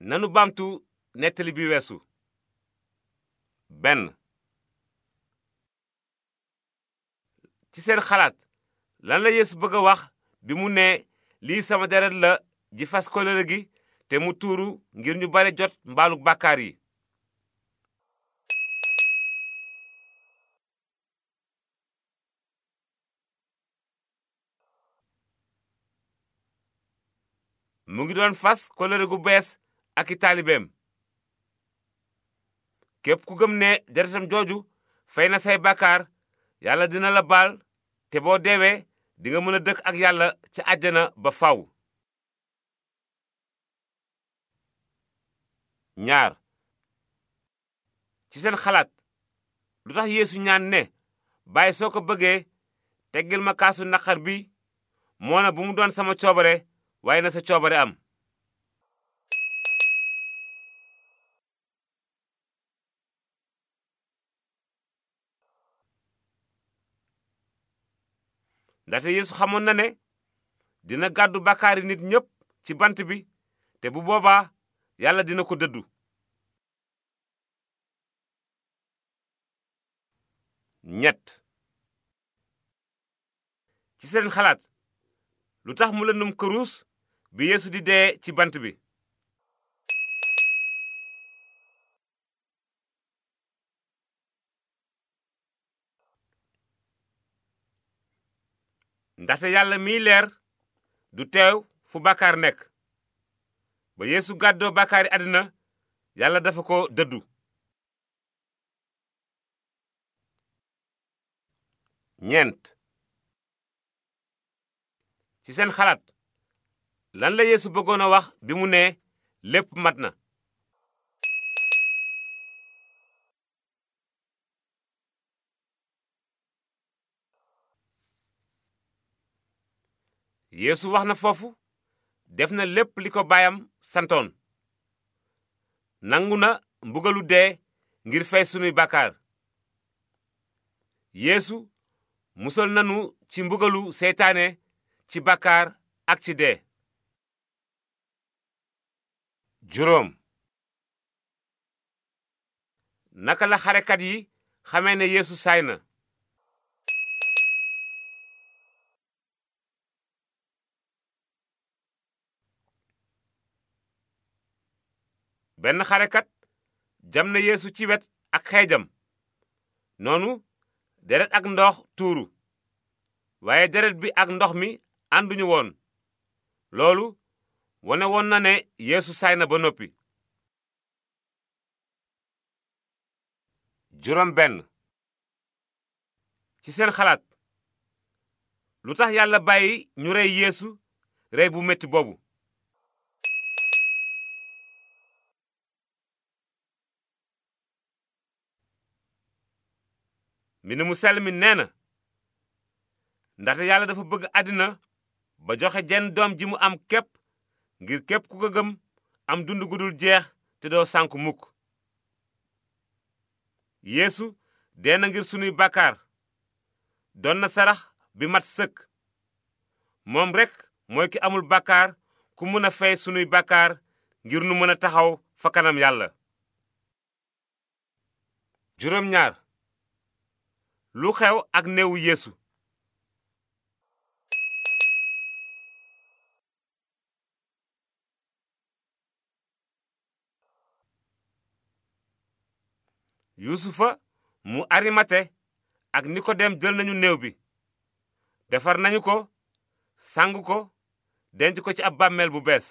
nanu bamtu nettali bi weesu benn ci seen xalaat lan la yeesu bëgg a wax bi mu nee lii sama deret la ji fas kóllëre gi te mu tuuru ngir ñu bare jot mbaalu bàkkaar yi mu ngi doon fas kóllëre bees ak i taalibeem képp ku gëm ne deretam jooju fay na say bàkkaar yàlla dina la baal te boo deewee dinga mën a dëkk ak yàlla ca àjjana ba faw ñaar ci seen xalaat lu tax yéesu ñaan ne bàyyi soo ko bëggee teggil ma kaasu naqar bi moo na bu mu doon sama coobare waaye na sa coobare am ndaxte yeesu xamoon na ne dina gàddu bàkkaari nit ñëpp ci bant bi te bu boobaa yàlla dina ko dëddu ñett ci seen xalaat lu tax mu lëndum këruus bi yéesu di dee ci bant bi ndaxte yàlla miy leer du teew fu bàkkaar nekk ba yeesu gàddoo bàkkaari àddina yàlla dafa ko dëddu ñeent ci seen xalaat lan la yéesu bëggoon a wax bi mu nee lépp mat na yéesu wax na foofu def na lépp li ko baayam santoon nangu na mbugalu dee ngir fay sunuy bàkkaar yéesu musal nanu ci mbugalu seytaane ci bàkkaar ak ci dee juróom naka la xarekat yi xamee ne yeesu saay benn xarekat jam na yéesu ci wet ak xeejam noonu deret ak ndox tuuru waaye deret bi ak ndox mi ànduñu woon loolu wone woon na ne yéesu saay na ba noppi juróom ci seen xalaat lu tax yàlla bàyyi ñu rey yeesu rey bu metti boobu mbind mu sell nee na ndaxte yàlla dafa bëgg àddina ba joxe jenn doom ji mu am képp ngir képp ku ko gëm am dund gu jeex te doo sànku mukk yéesu dee na ngir sunuy bàkkaar doon na sarax bi mat sëkk moom rekk mooy ki amul bàkkaar ku mën a fey sunuy bàkkaar ngir nu mën a taxaw fa kanam yàlla juróom lu xew ak néewu yeesu yusufa mu arimate ak nikodem jël nañu néew bi defar nañu ko sang ko denc ko ci ab bàmmeel bu bees